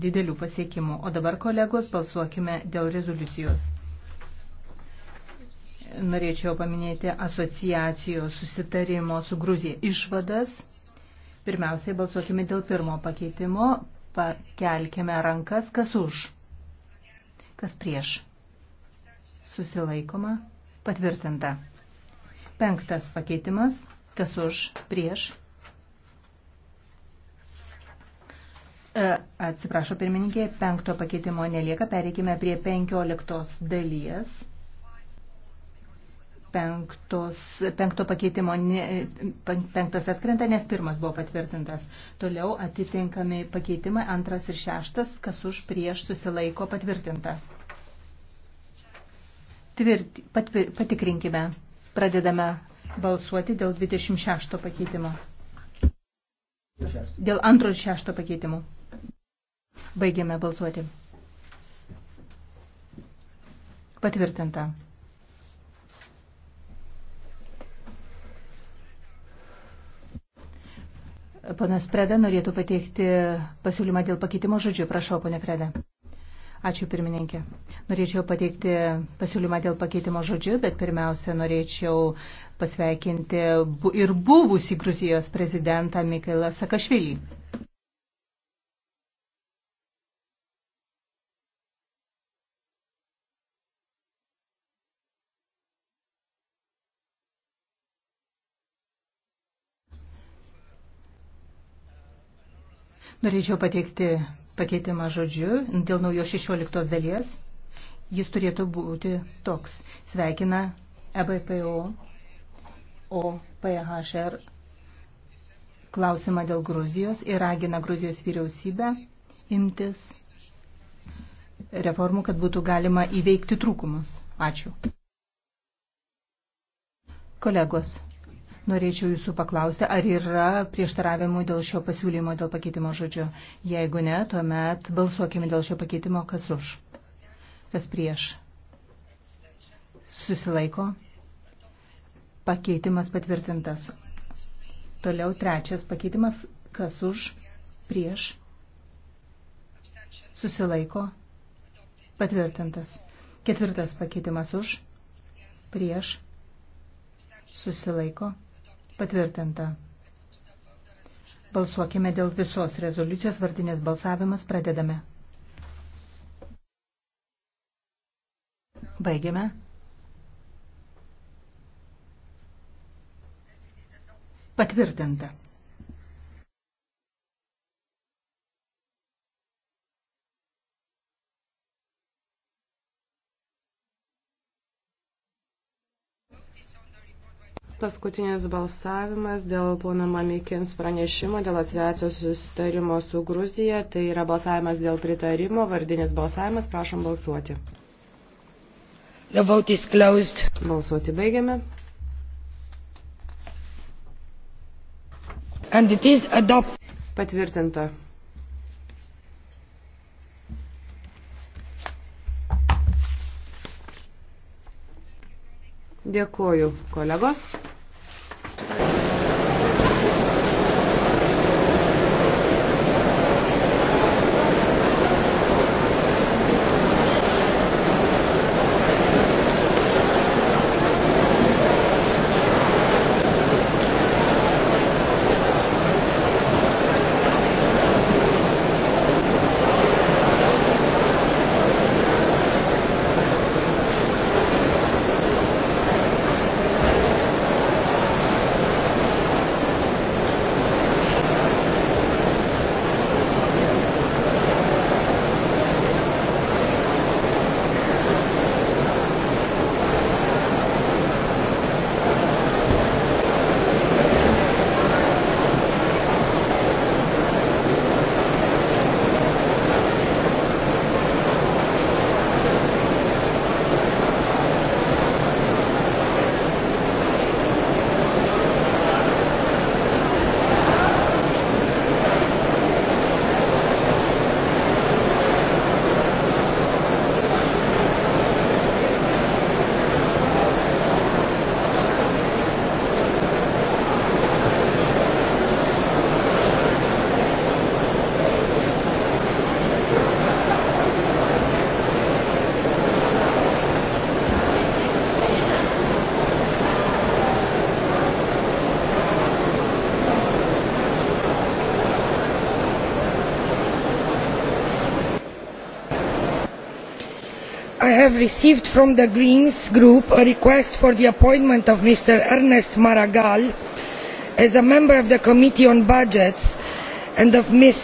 didelių pasiekimų. O dabar, kolegos, balsuokime dėl rezoliucijos. Norėčiau paminėti asociacijos susitarimo su Gruzija išvadas. Pirmiausiai balsuokime dėl pirmo pakeitimo. Pakelkime rankas, kas už, kas prieš. Susilaikoma. Patvirtinta. Penktas pakeitimas, kas už, prieš, Atsiprašau, pirmininkė, penkto pakeitimo nelieka. Pereikime prie penkioliktos dalies. Penktos, penkto pakeitimo ne, penktas atkrenta, nes pirmas buvo patvirtintas. Toliau atitinkami pakeitimai antras ir šeštas, kas už prieš susilaiko patvirtinta. Tvirt, patvi, patikrinkime. Pradedame balsuoti dėl 26 pakeitimo. Dėl antro ir šešto pakeitimo. Baigiame balsuoti. Patvirtinta. Panas Preda norėtų pateikti pasiūlymą dėl pakeitimo žodžių. Prašau, ponė Preda. Ačiū, pirmininkė. Norėčiau pateikti pasiūlymą dėl pakeitimo žodžių, bet pirmiausia, norėčiau pasveikinti ir buvusį Gruzijos prezidentą Mikailą Sakašvilį. Norėčiau pateikti pakeitimą žodžiu dėl naujo 16 dalies. Jis turėtų būti toks. Sveikina EBPO, OPHR klausimą dėl Gruzijos ir ragina Gruzijos vyriausybę imtis reformų, kad būtų galima įveikti trūkumus. Ačiū. Kolegos, Norėčiau jūsų paklausti, ar yra prieštaravimų dėl šio pasiūlymo, dėl pakeitimo žodžio. Jeigu ne, tuomet balsuokime dėl šio pakeitimo, kas už, kas prieš. Susilaiko. Pakeitimas patvirtintas. Toliau trečias pakeitimas, kas už, prieš. Susilaiko. Patvirtintas. Ketvirtas pakeitimas už, prieš, susilaiko, Patvirtinta. Balsuokime dėl visos rezoliucijos vardinės balsavimas. Pradedame. Baigiame. Patvirtinta. Paskutinis balsavimas dėl pono Mamikins pranešimo dėl atsiliacijos susitarimo su Gruzija. Tai yra balsavimas dėl pritarimo, vardinis balsavimas. Prašom balsuoti. The vote is closed. Balsuoti baigiame. And it is adopted. Patvirtinta. Dėkuoju, kolegos. have received from the greens group a request for the appointment of mr ernest maragall as a member of the committee on budgets and of ms